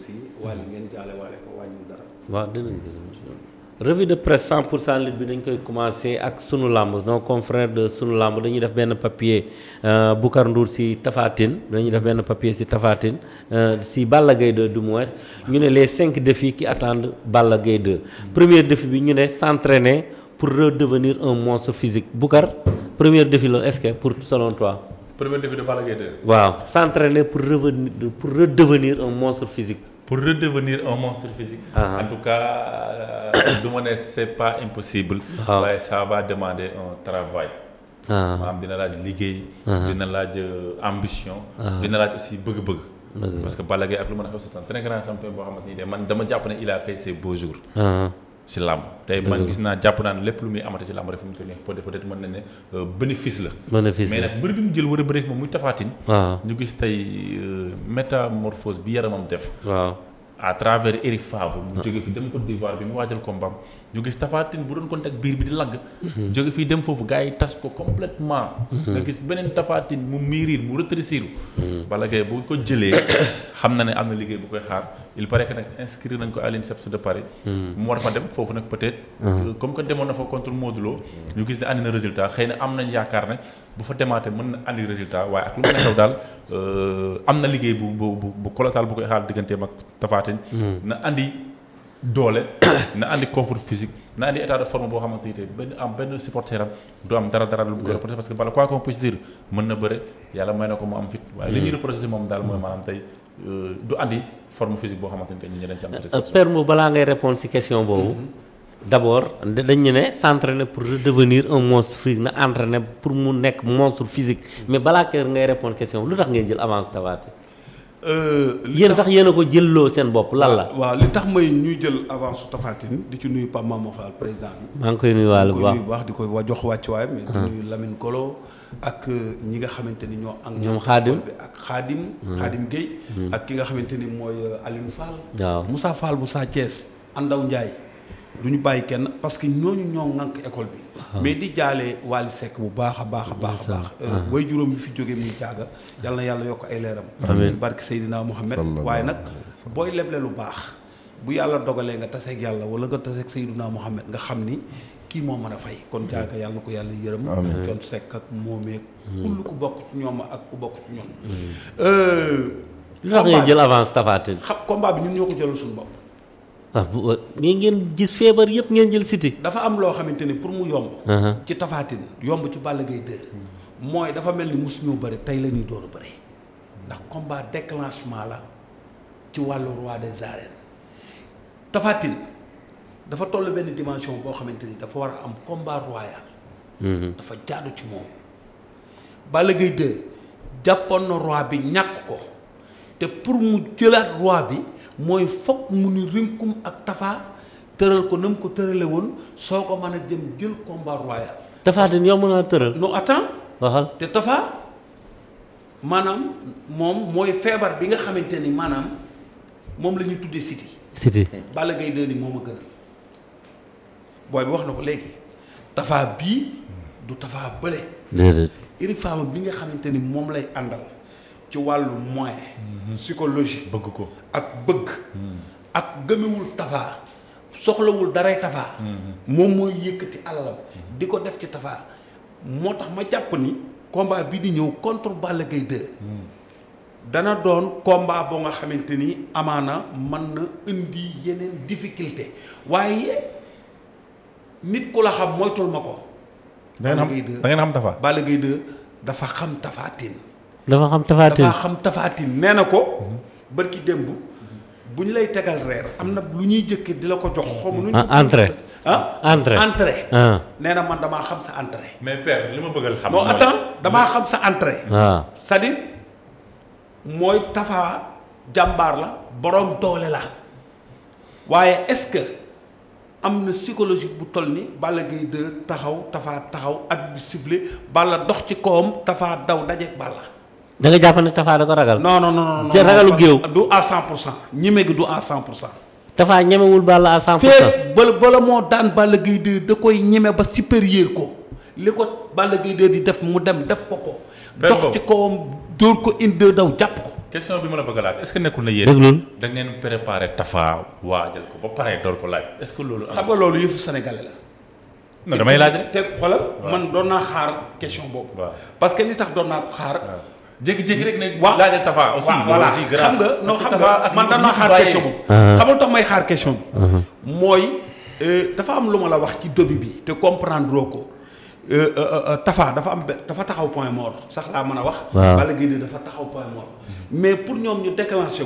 aussi. wàllu mm-hmm. ngeen jaale ko wàññiwul dara. de presse 100 pour cent lutte bi dañ koy commencé ak sunu lamb nos confrères de sunu làmb dañuy def benn papier euh, Boucar Ndour si tafaatin dañuy def benn papier si Tafatine euh, si Balla Gaye 2 du moins ñu ne les cinq défis qui attende Balla Gaye 2. Mm-hmm. premier défi bi ñu ne s'entraîner pour redevenir un monstre physique Boucar premier défi la est pour selon toi. premier défi de Balla Gaye 2. waaw s'entraîner pour revenir pour redevenir un pour redevenir un monstre physique. Uh En tout cas, euh, du ma ne c'est pas impossible. waaye ah. ouais, ça va demander un travail. maanaam dina laaj liggéey. dina laaj euh, ambition. dina laaj aussi bëgg-bëgg. parce que Balla Gaye ak lu mën a xew c'est un très grand champion boo xamante ni de man dama jàpp ne il a fait ses beaux ci làmb tey man gis naa jàpp naa ne lépp lu muy amata si làmb rek fi mu toll nii peut être mën nañ ne euh, bénéfice la bénéfice mais nag mbër bi mu jël war a bëri moom muy tafaatin ñu gis tey euh, métamorphose bi yaramam def waaw à travers Eric Favre mu ah. jóge fi dem Côte d'Ivoire bi mu waajal combat ñu gis tafaatin bu doon contact biir bi di lagg jóge fii dem foofu gars yi tas ko complètement nga gis beneen tafaatin mu miiriir mu rétrécir Balla Gaye bu ko jëlee xam na ne am na liggéey bu koy xaar il paraît que nag inscrire nañ ko à l'INSEPS de Paris fa dem foofu nag peut être uh-huh. comme que demoon na fa contre Modou Lo ñu gis ne andi na résultat xëy na am nañ yaakaar ne bu fa demaatee mën na àndi résultat waaye ak lu mën xew daal euh, am na liggéey bu bu bu colossal bu koy xaar digganteem ak tafaatin uh-huh. na andi doole na andi confort physique na andi état de boo xamante ni tey benn am benn supporter du am dara dara lu mu koy parce que bala quoi qu'on puisse dire mën na bëre yàlla may mm. mm. euh, boo xamante ni tey ñu dañ ci am satisfaction euh, père mo balaa ngay répondre si question boobu mm-hmm. pour redevenir un monstre physique na pour mu nekk monstre physique mm-hmm. mais balaa kër ngay répondre lu tax ngay jël avance Tapha Euh, yéen sax yéen a ko jëlloo seen bopp lan la. waaw li tax may ñuy jël avance Tapha di ci nuyu Pape Mamadou Fall président maa ngi koy nuyuwaale bu baax di ko baax di ko wa jox wàccuwaay. mais di ah. nuyu Lamine Kolo ak euh, ñi nga xamante ni ñoo. ak ñoom Xaadim ak Xaadim. Xaadim hmm. Guèye. Hmm. ak ki nga xamante ni mooy euh, Alioune Fall. waaw Moussa Fall bu Sa Thiès Andaw Ndiaye. du ñu bàyyi kenn parce que ñooñu ñoo ŋànk école bi. Ah. mais di jaale Waly Seck bu baax a baax a baax a baax. way juróom bi fi jógee muy jaaga yal na yàlla yokk ay leeram. amiin barke Seydina Mohamed. waaye nag booy leble lu baax. bu yàlla dogalee nga taseeg yàlla wala nga taseeg Seydina Mohamed nga xam ni kii moo mën a fay. kon jaaga yàlla na ko yàlla yërëm. amiin kon Seck ak moomee. Hmm. kullu ku bokk ci ñoom ak ku bokk ci ñoom. Hmm. Euh, li tax ngay jël avance Tapha Tine. xam combat bi ñun ñoo ko jëlal suñu bopp. ah bu mais euh, ngeen gis feebar yëpp ngeen jël Siteu. dafa am loo xamante ni pour mu yomb. Uh-huh. ci tafaatin yomb ci bàll Gaye 2. mooy dafa mel ni mosu ñu bëri tey la ñuy door bëri ndax combat déclenchement la ci wàllu roi des arènes Tapha dafa toll benn dimension boo xamante ni dafa war a am combat royal. Mm-hmm. dafa jaadu ci moom. Balla Gaye 2 jàppoon roi bi ñàkk ko te pour mu jëlaat roi bi. mooy foog mu ni rinkum ak Tapha tëral ko nam ko tërale woon soo ko mën a jëm jël combat royal. Tapha Tine yow mën naa tëral. non attends. waxal te Tapha maanaam moom mooy feebar bi nga xamante ni maanaam moom la ñuy tuddee city. city Balla ngay 2 ni moom a gënal booy bi wax na ko léegi Tapha bii du Tapha bële. iri faama bi nga xamante ni moom lay àndal. ci wàllu moyen mhm. psychologie bëgg ko ak bëgg mhm. ak gëmewul tafaa soxlawul daray tafaa mhm. moom mooy yëkkati alalam di ko def ci tafaa moo tax ma jàpp ni combat bi di ñëw contre Balla Gaye 2 dana doon combat boo nga xamante ni amaana mën na indi yeneen difficulté waaye nit ku la xam moytul ma ko. da ngeen xam da ngeen xam Tafa. dafa xam Tapha Tine. dafa xam tafaatin dafa xam tafaatin nee na ko. barki démb bu ñu lay tegal reer am na lu ñuy jëkk di la ko jox. xamu nu ñu ah, entrée ah entrée entrée. Ah. nee na man damaa xam sa entrée. mais père li ma bëggal xam. non damaa xam sa entrée. waaw ah. cest à mooy tafaa jàmbaar la borom doole la waaye est-ce que am na psychologique bu toll ni Balla Gaye 2 taxaw tafaa taxaw ak bi sifflé Balla dox ci kawam tafaa daw dajeeg Balla. da nga jàpp ne Tafa da ko ragal. non non non non ragalu géew. du à 100 pour cent ñeme gi du à 100 pour cent. Tafa ñemewul Balla à 100 pour cent. bala bala moo daan Balla Gaye 2 da koy ñeme ba supérieur ko li ko Balla Gaye 2 di def mu dem def ko ko. dox ci kawam dóor ko indi daw jàpp ko. question bi ma la bëgg a laaj est-ce que nekkul na yéen. déglu da ngeen préparé Tafa waajal ko ba pare door ko laaj est-ce que loolu. xam nga loolu yëfu sénégalais la. non damay laaj rek te xoolal man doon naa xaar question boobu. parce que li tax doon naa ko xaar. jékki-jékki rek ne. waaw laajal Tafa aussi. voilà xam nga man daan naa xaar question bu ah. xaar question ah. mooy euh, dafa am lu ma la wax ci début bi. te comprendre ko euh, euh, Tafa dafa am dafa taxaw point mort sax laa mën a wax. waaw Balla Gaye dafa taxaw point mais pour ñoom ñu déclenché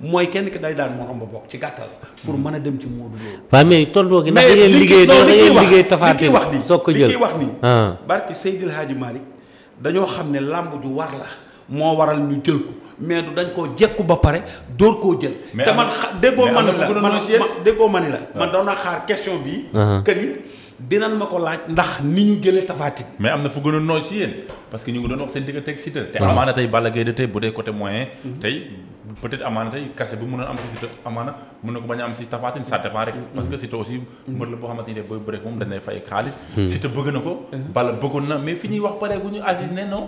mooy kenn ki day daan moroom ba bokk ci gàttal. pour mën a dem ci Modou Lo. waaw gi ndax da da ngeen liggéey Tafa te soog ko jël li kii wax nii. Ah. barki Seydil Hadji Malick dañoo xam ne làmb ju war la. moo waral ñu jël ko mais du dañ koo jekku ba pare dóor koo jël. te man xa déggoo man la man déggoo man la man doon naa xaar question bi. Uh-huh. que ni dinañ ma ko laaj ndax ni ñu jëlee tafaatin mais am na fu gën a nooy si yéen parce que ñu ngi doon wax seen diggante ak Siteu te amaana tey Balla Gaye de tey bu dee côté moyen mhm. tey peut amaana tey kase bi mënoon am si Siteu amaana mën na a am si tafaatin mhm. boo xamante ni de booy bëre moom dañ lay mhm. na fi ñuy wax pare gu ñu Aziz ne non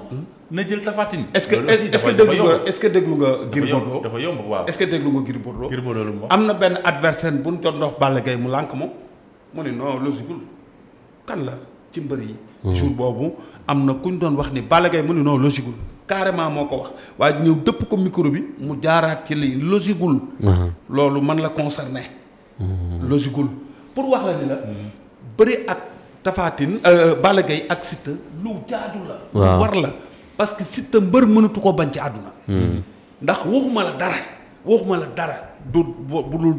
na jël tafaatin est-ce que est-ce que déglu nga est-ce que déglu nga Gris Bordeaux dafa am na benn adversaire bu ñu doon dox Balla Gaye mu lànk moom mu ne non logique kan la ci mbër yi. Hmm. jour boobu am na ku ñu doon wax ni Balla Gaye mu ne non logique carrément moo ko wax waaye ñëw dëpp ko micro bi mu jaaraat ci lii logique gul. Hmm. loolu man la concerné. Hmm. logique pour wax la ni la. bëri ak tafaatin euh, Balla Gaye ak Siteu lu jaadu la. waaw war la parce que Siteu mbër mënatu ko bañ ci àdduna. ndax waxuma la dara waxuma la dara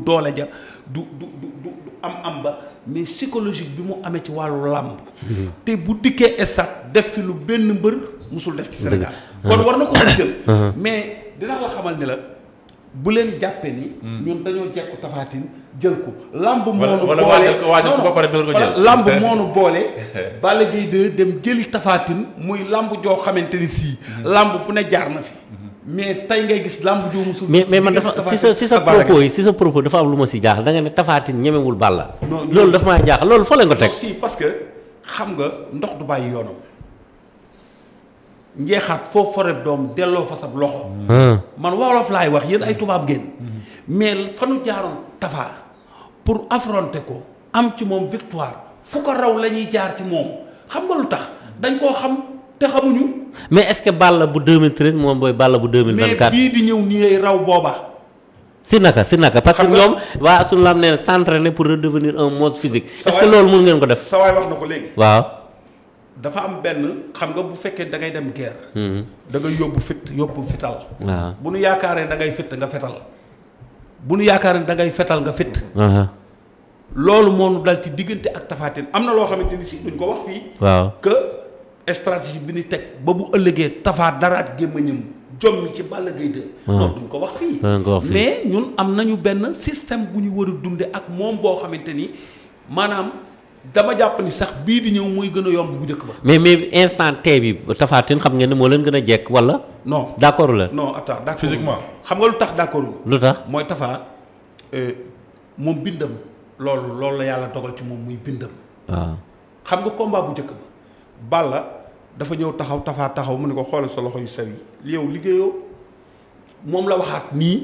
doole ja du du du am am ba. mais psychologique bi mu amee ci wàllu làmb te bu dikkee estat def fi lu benn mbër mosul def ci Sénégal kon war na ko mën jël uh-huh. Uh-huh. mais dinaa la xamal ni la bu leen jàppee ni hmm. ñun dañoo jekku tafaatin jël ko làmb moonu boole waajal ko ba pare door ko jël làmb moonu boole Balla Gaye 2 dem jëli tafaatin muy làmb joo xamante ni sii hmm. làmb bu ne jaar na fi hmm. mais tey ngay gis lamb ju musul mais mais man dafa si sa si sa propos yi si sa propos dafa am lu ma si jaaxal da ne tafaatin ñemewul Balla. loolu dafa maa jaaxal loolu fa la nga teg. si parce que xam nga ndox du bàyyi yoonam. njeexaat foofu foreb doom delloo fa sab loxo. Hmm. man wolof laay wax yéen ay tubaab ngeen. mais fanu jaaroon tafaa pour affronter ko am ci moom victoire fu ko raw la ñuy jaar ci moom xam nga lu tax dañ koo xam. te xamuñu. mais est-ce que Balla bu 2013 moom mooy Balla bu 2024. mais bii di ñëw nii lay raw booba. si naka si naka parce ñoom waa suñu la am nee ne pour redevenir un mode physique. est-ce que loolu mun ngeen ko def. sa waay wax na ko léegi. waaw. dafa am benn xam nga bu fekkee da ngay dem guerre. Hmm. da ngay yóbbu fit yóbbu fital. waaw bu nu yaakaaree da ngay fit nga fetal bu nu yaakaaree da ngay fetal nga fitt loolu moo dal ci diggante ak tafaatin am na loo xamante ni si stratégie bi ni teg ba bu ëllëgee tafaa daraat gémmañam jommi ci Balla Gaye 2. Ah. loolu ah, duñ ko wax fii. mais ñun am nañu benn système bu ñu war a dunde ak moom boo xamante ni maanaam dama jàpp ni sax bii di ñëw mooy gën a yomb bu njëkk ba. mais mais instant T bi xam ngeen ne moo leen gën a jekk wala. non d' accord la. non attends d' accord nga lu tax d' accord lu tax mooy Tapha euh, moom bindam loolu loolu la yàlla dogal ci moom muy bindam. waaw ah. xam nga combat bu njëkk ba. Balla dafa ñëw taxaw tafaa taxaw mu ne ko xoolal sa loxo yu sew yi yow liggéeyoo moom la waxaat nii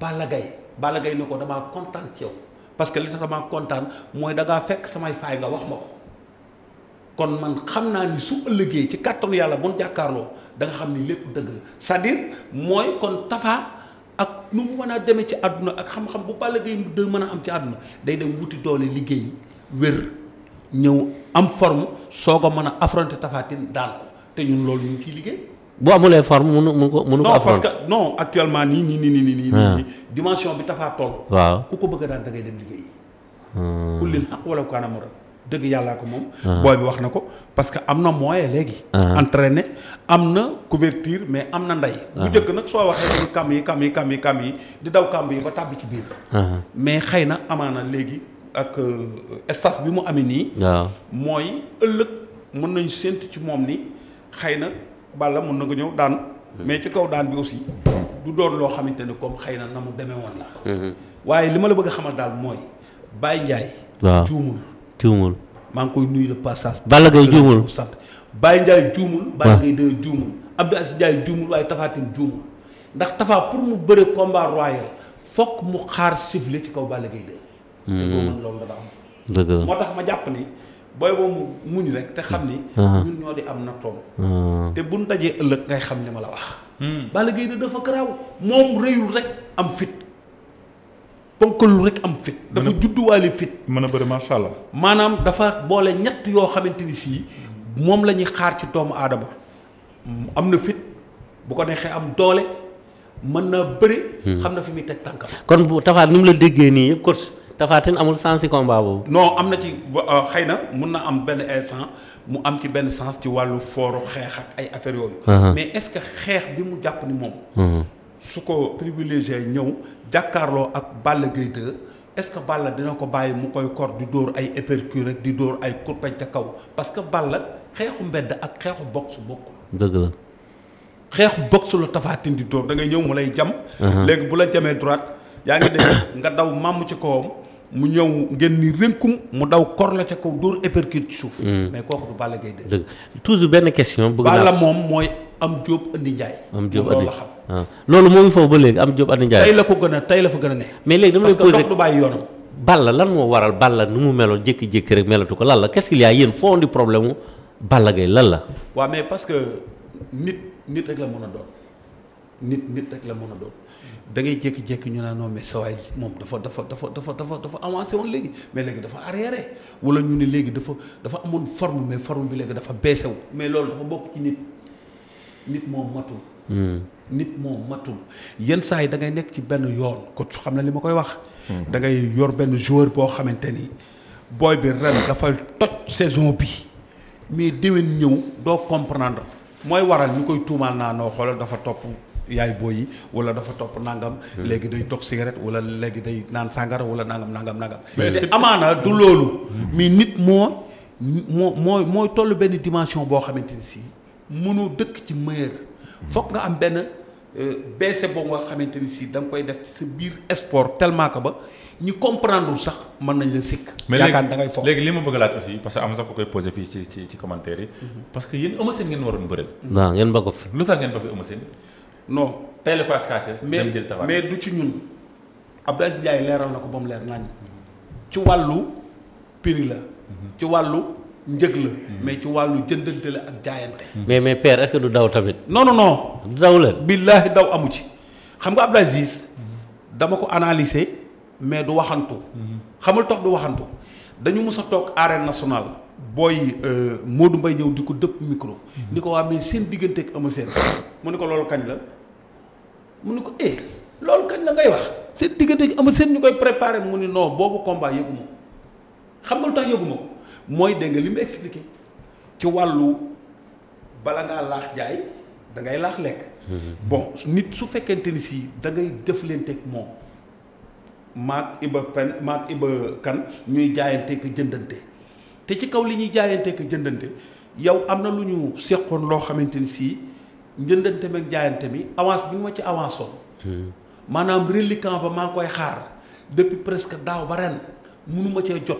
Balla Gaye Balla gay ne ko damaa kontaan ci yow parce que li tax damaa kontaan mooy dangaa fekk samay faay nga wax ma ko kon man xam naa ni su ëllëgee ci kàttanu yàlla bu nu jàkkaarloo da xam ni lépp dëgg la mooy kon tafaa ak nu mu mën a demee ci àdduna ak xam-xam bu Balla Gaye de mën a am ci àdduna day dem wuti doole liggéey wér ñëw am forme soo ko mën a affronter tafaatin daan ko te ñun loolu ñu ngi ciy liggéey. bu amulee forme mënu mënu ko mënu ko affronter non parce que actuellement nii nii nii nii nii. Ah. dimension bi tafaa toll. waaw ku ko bëgg daan da ngay dem liggéey. Hmm. ku leen xaq wala dëgg yàllaa ko moom. Ah. booy bi wax na ko parce que am na moyen léegi. Ah. entraîné am na couverture mais am na ndey. bu njëkk nag soo waxee dañu kam yi kam yi kam yi kam yi di daw kam yi ba tàbbi ci biir. mais xëy na amaana léegi. ak euh, staff bi mu amee nii. waaw mooy ëllëg mën nañu séntu ci moom ni xëy na Balla mën na ko ñëw daan. Hmm. mais ci kaw daan bi aussi du doon loo xamante ne comme xëy na na mu demee woon la. Hmm. waaye li ma la bëgg a xamal daal mooy bàyyi Ndiaye. waaw juumul juumul. maa ngi koy nuyu le passage. Balla Gaye juumul sant Baye Ndiaye juumul. waaw Balla Gaye de waaye Tapha juumul ndax Tapha pour mu bëre combat royal fokk mu xaar sifflet ci kaw Balla Gaye de. Hmm. loolu dana am. moo tax ma jàpp ni booy boobu muñ rek te xam ni. Ah. ñun ñoo di am na nattoom. Ah. te buñ dajee ëllëg ngay xam li ma la wax. Hmm. Balla Gaye de dafa garaaw moom rëyul rek am fit ponkalu rek am fit. dafa judduwaale fit. mën na bëri macha allah. maanaam dafa boole ñett yoo xamante ni sii moom la ñuy xaar ci doomu aadama am na fit bu ko neexee am doole mën naa bëri. Hmm. xam na fi muy teg tànkam. kon bu tafaat ni mu la déggee nii yëpp kot Tafatine amul sens ci combat boobu. non am na ci euh, xëy na mun na am benn instant mu am ci benn sens ci wàllu fooru xeex ak ay affaire yooyu. Uh-huh. mais est-ce que xeex bi mu jàpp ni moom. Uh-huh. su ko privilégié ñëw jàkkaarloo ak Balla Gaye 2 est-ce que Balla dina ko bàyyi mu koy kor di dóor ay épercure rek di dóor ay kurpañ ca kaw parce que Balla xeexu mbedd ak xeexu box bokkul. dëgg la. xeexu box la Tafatine di dóor da ngay ñëw mu lay jam. Uh-huh. léegi bu la jamee droit yaa ngi dégg nga daw màmm ci kawam. mu ñëw ngeen ni rënkum mu daw kor la ca kaw dóor épercute ci suuf. Hmm. mais kooku du Balla gay dëgg toujours benn question. bëgg naa Balla moom mooy am Diop andi Ndiaye. am Diop andi loolu moom xam. Ah. loolu ba léegi am Diop andi Ndiaye. tey la ko gën a tey la fa gën a ne. mais léegi dama lay posé parce que du bàyyi yoonam. Balla lan moo waral Balla nu mu meloon jékki-jékki rek melatu ko lan la qu'est-ce qu'il y a foo indi problème mu Balla Gaye lan la. waa mais parce que nit nit rek mën a doon nit nit rek la mën a doon da ngay jékki ñu naa non mais sa waay moom dafa dafa dafa dafa dafa dafa avancé woon léegi mais léegi dafa arriéré wala ñu ne léegi dafa dafa amoon forme mais forme bi léegi dafa baissé wu mais loolu dafa bokk ci nit moom matul. Hmm. nit moom matul yenn saa yi da ngay nekk ci benn yoon ko xam na li ma koy wax. Hmm. da ngay yor benn joueur boo xamante ni booy bi ren dafay toj saison bi mais déwén ñëw doo comprendre mooy waral ñu koy tuumaal naa noo xoolal dafa topp. yaay booy yi wala dafa topp nangam. léegi day tox cigarette wala léegi day naan sàngara wala nangam nangam nangam. te amaana du loolu. mais nit moo moo mooy mooy toll benn dimension boo xamante ni si mënoo dëkk ci meilleur. foog nga am benn euh, baisse xamante ni si da nga koy def ci sa biir sport tellement que ba ñu comprendre sax mën nañ la sikk. yaakaar da ngay léegi li ma bëgg laaj aussi parce que am na sax ko koy posé fii ci ci commentaire yi. Mhm. parce que yéen Eumeu ngeen waroon bëreel. waaw ngeen ba ko fi. lu tax ngeen non tele ko ak Sa Thiès mais mais du ci ñun Abdou Aziz Ndiaye leeral na ko ba mu leer nañ ci wàllu prix la mhm. ci wàllu njëg la mhm. mais ci wàllu jëndante la ak jaayante mhm. mais mais père est du daw tamit non non non du daw leen billaahi daw amu ci xam nga Abdou Aziz dama ko analyser mais du waxantu xamul tax du waxantu dañu mës a toog arène national booy euh, Modou Mbaye ñëw di ko dëpp micro ni ko waa mais seen diggante ak Eumeu mu ne ko loolu kañ la mu ne ko eh, loolu kañ la ngay wax seen diggante gi seen ñu koy préparé mu ne non boobu combat yëgu ma xam nga lu tax yëgu ma ko mooy dégg nga li mu expliqué ci wàllu bala ngaa laax jaay da ngay laax lekk. Mhm. bon nit su fekkente ni si dangay ngay def leen teg moom maag Iba Pen maag Iba Kan ñuy jaayante ko jëndënte te ci kaw li ñuy jaayante ko jëndante yow am na lu ñu seqoon loo xamante ni si. njëndante meeg jaayante mi avance bi ñu ma ci avance woon maanaam reliquant ba maa ngi koy xaar depuis presque daaw ba ren mënuma cee jot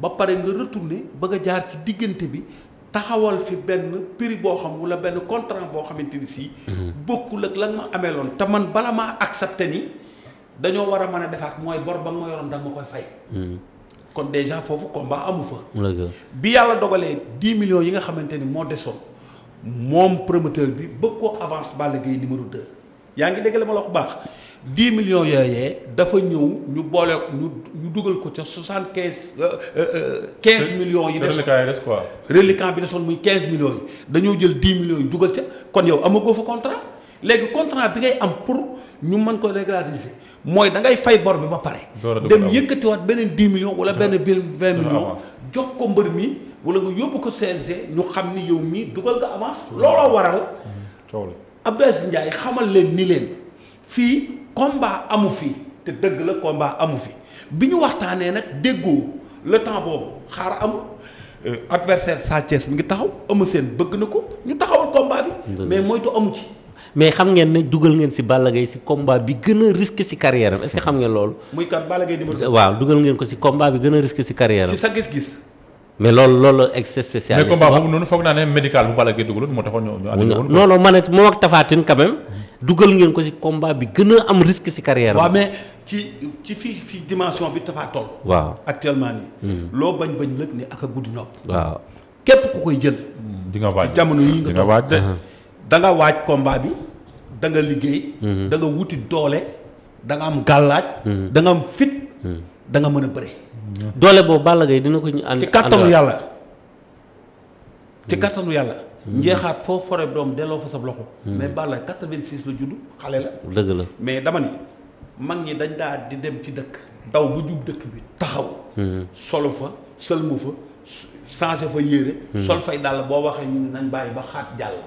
ba pare nga retourné bëgg a jaar ci diggante bi taxawal fi benn prix boo xam wala benn contrant boo xamante ni sii mhm. bokkul ak lan ma amee loon te man bala maa accepté ni dañoo war a mën a defaat mooy bor ba nga ma yoroon da nga ma koy fay mhm. kon déjà foofu combat amu fa bi yàlla dogalee dix millions yi nga xamante ni moo desoon moom promoteur bi bëgg koo avance Balla Gaye numéro 2 yaa ngi dégg la ma la wax baax 10 millions yooyee dafa ñëw ñu boole ñu ñu dugal ko ca 75 15 euh, euh, euh, millions yi des reliquat quoi. reliquat bi desoon muy 15 millions yi dañoo jël 10 millions yi dugal ca kon yow amagoo fa contrat léegi contrat bi ngay am pour ñu mën ko régulariser mooy da ngay fay bor bi ba pare. dem yëkkatiwaat beneen 10 millions wala benn 20 millions jox ko mbër mi. wala nga yóbbu ko CNG ñu xam ni yow mii dugal nga avance looloo waral Abdou Aziz Ndiaye xamal leen ni leen fii komba amu fii te dëgg la combat amu fi bi ñu waxtaanee nag déggoo le temps boobu xaar amul euh, adversaire Sa Thiès mi ngi taxaw Eumeu seen bëgg na ko ñu taxawal combat bi mais moytu amu ci mais xam ngeen ne dugal ngeen ci Balla Gaye ci combat bi gën a risqué ci carrière am est-ce que xam ngeen loolu muy kan Balla Gaye numéro waaw dugal ngeen ko si combat bi gën a risqué ci sa gis-gis mais loolu loolu la ex spécialiste. mais combat boobu noonu foog naa ne médical bu Balla Gaye dugaloon moo taxoon ñu. ñu non non ma ne moom dugal ngeen ko ci combat bi gën a am risque ci carrière waaw mais ci ci fii fii dimension bi Tapha toll. waaw actuellement nii. Hmm. loo bañ bañ lëg ni ak a guddi nopp. waaw képp ku koy jël. di nga waaj jamono yi nga waaj uh-huh. da nga waaj bi da nga liggéey. Hmm. da nga wuti doole da nga am gàllaaj. Hmm. da nga am fit. da nga mën a bëre. doole boobu Balla Gaye dina ko ñu. ànd ci kattanu yàlla mm. ci kattanu yàlla. Mm. njeexaat foo fore doom delloo fa sab loxo. Mm. mais Balla 86 la judd xale la. dëgg la mais dama ni mag ñi dañ daa di dem ci dëkk. daw bu jub dëkk bi taxaw. solo fa sëlmu fa changé fa yére. sol fay dàll boo waxee ñun nañ bàyyi ba xaat jàll.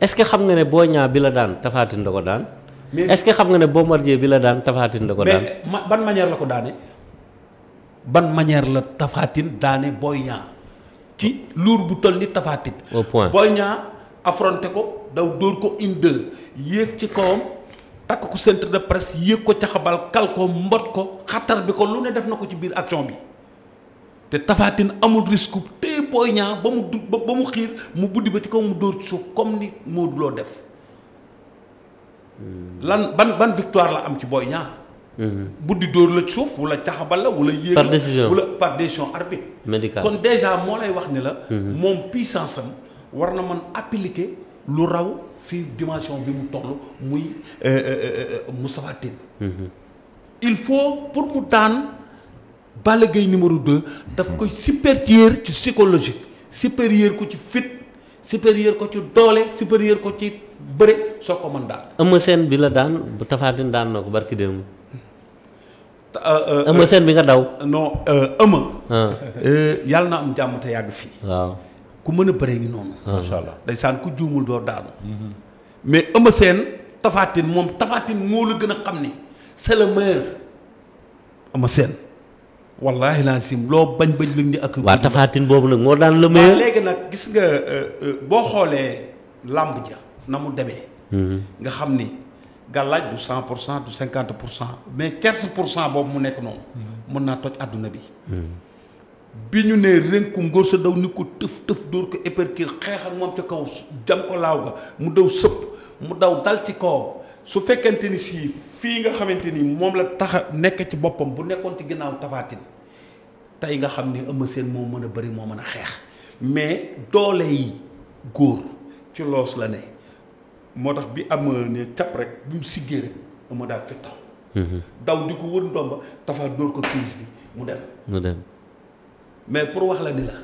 est-ce xam nga ne boo ñaar bi la daan tafaatin da ko daan. mais est-ce xam nga ne Bombardier bi la daan tafaatin da ko daan. mais ban manière la ko daane. ban manière la tafaatin daane Boy Niang ci luur bu toll ni tafaatin au point Boy Niang affronté ko daw dóor ko une yéeg ci kawam takk ko centre de presse yéeg ko caxabal kal ko mbot ko xatar bi ko lu ne def na ko ci biir action bi te tafaatin amul risque téye Boy Niang ba mu du ba mu xiir mu buddi ba ci kaw mu dóor ci suuf comme ni Modou Lo def hmm. lan ban ban victoire la am ci Boy Niang Mm-hmm. buddi dóor la suuf wala caxabal la wala. yéeg la wala par décision arbitre. médical kon déjà moo lay wax ni la. Mm-hmm. moom puissance am war na man appliquer lu raw fii dimension bi mu toll muy euh, euh, euh, Moustapha Tine. Mm-hmm. il faut pour mu daan Balla Gaye numéro 2 daf koy supérieur ci psychologie supérieur ko ci fit supérieur ko ci doole supérieur ko ci bëre soo ko mën daal. Eumeu seen bi la daan Tapha Tine daan na ko barki démb. ëmma euh, euh, euh, seen bi nga daw. non ëmma. Ah. yàlla na am jàmm te yàgg fii. ku mën a bëree ngi noonu. Ah. macha allah ndeysaan ku juumul doo daanu. Mm-hmm. mais ëmma seen tafaatin moom tafaatin moo la gën a xam ni c'est le meilleur ëmma seen. wallahi laasim loo bañ bañ lëg ni ak. waa tafaatin boobu nag moo daan le meilleur. léegi nag gis nga boo xoolee làmb ja na mu demee. Mm-hmm. nga xam ni. gàllaaj du cent pour cent du cinquante pour cent mais quinze pour cent boobu mu nekk noonu mën naa toj àdduna bi bi ñu nee rënku ngóor sa daw ni ko tëf tëf dóor ko épercure xeex ak moom ca kaw jam ko laaw ga mu daw sëpp mu daw dal ci kaw su fekkente ni sii fii nga xamante ni moom la tax a nekk ci boppam bu nekkoon ci ginnaaw tafaatin tey nga xam ni Eumeu seen moo mën a bëri moo mën a xeex mais doole yi góor ci loos la ne moo tax bi am ne cap rek bi mu siggee rek ama daal fi tax mhm. daw di ko wër ndomba tafa dóor ko crise bi mu dem mu dem mais pour wax la ni la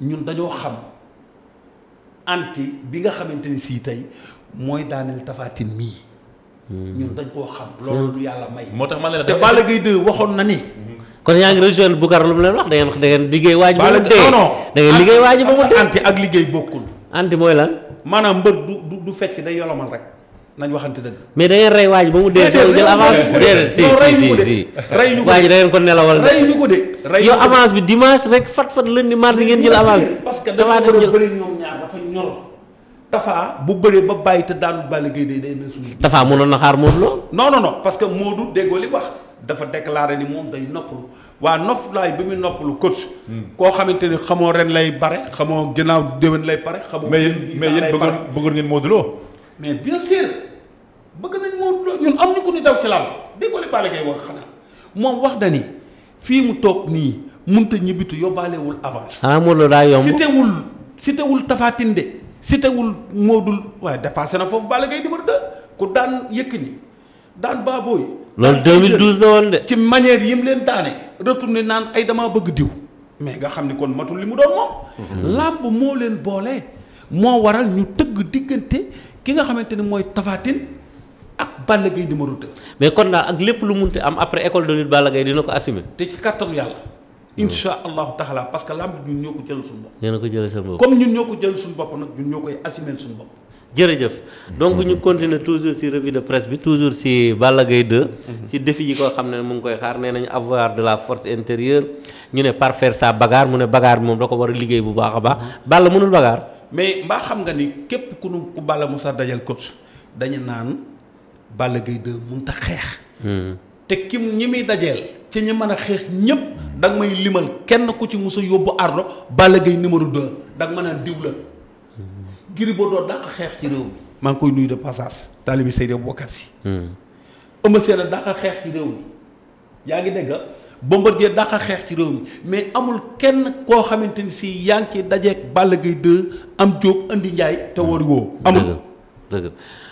ñun dañoo xam anti bi nga xamante ni sii tey mooy daaneel tafaatin mii mhm. ñun dañ koo xam loolu yàlla may moo tax ma ne la te Balla Gaye 2 waxoon na ni mhm. kon yaa ngi rejoindre Boucar lu mu leen wax da ngeen da ngeen liggéey waaj ba mu dee da ngeen ba mu dee anti ak liggéey bokkul anti mooy lan. maanaam mbër du du fecc day yolomal rek nañ waxante dëgg. mais da ngeen rey waaj ba mu dee. jël avance bi déedéet si si si rey ñu ko de waaj da ngeen ko nelawal rey ñu ko de. rey yow avance bi dimanche rek fat fat lundi mardi ngeen jël avance. parce que dafa doon bëri ñoom ñaar dafa ñor. Tafa bu bëree ba bàyyi te daanu Balla Gaye day day mel suñu. Tafa mënoon na xaar Modou Lo. non non non parce que Modou déggoo li wax. dafa déclaré ni moom day noppalu waa noflaay bi muy noppulu coach. koo xamante ni xamoo ren lay bare xamoo ginnaaw déwén lay pare. xamoo mais mais yéen bëggoon bëggoon ngeen Modou Lo. mais bien sûr bëgg am ko ni daw ci làmb déggoo li Balla Gaye wax moom wax da ni fii mu toog nii mënut a ñibbitu yóbbaalewul avance. ah Modou Lo daa yomb sitewul sitewul Taphatine de sitewul Modou waaye dépassé na foofu Balla gay numéro 2 ku daan Yékini daan Baboye. loolu 2012 la woon de. ci manière yi mu leen daane retourné naan ay damaa bëgg diw mais nga xam ni kon matul li mu doon moom. làmb moo leen boole moo waral ñu tëgg diggante ki nga xamante ni mooy tafaatin ak Balla Gaye numéro 2. mais kon daal ak lépp lu munti am après école de lutte Balla Gaye dina ko assumer. te ci kattanu yàlla. incha allahu taala parce làmb ñun ñoo ko jël suñu bopp. ko jël suñu comme ñun ñoo ko jël suñu bopp nag ñun ñoo koy assumer suñu bopp. jërëjëf donc ñu continuer toujours ci revue de bi toujours ci Balla Gaye 2 mhm. ci défi yi ko xam ne mu ngi koy xaar nee nañu avoir de la force intérieure ñu ne parfaire sa bagarre mu ne bagarre moom da ko war a liggéey bu baax a baax mhm. Balla mënul bagarre mais mbaa xam nga ni képp ku nu ku Balla Moussa dajal coach dañu naan Balla Gaye 2 mun ta xeex mhm. te kim ñi muy dajeel ci ñi mën a xeex ñépp da may limal kenn ku ci musa yóbbu ardo Balla Gaye numéro 2 da mën a diw Gris Bordeaux dàq xeex ci réew mi. maa ngi koy nuyu de passage. taalibi Seydi Bokar Si. Hmm. Eumeu Sène dàq xeex ci réew mi yaa ngi dégg Bombardier dàq xeex ci réew mi mais amul kenn koo xamante ni si yaa ngi ci dajeeg Balla Gaye am Diop andi Ndiaye te wari woo hmm. amul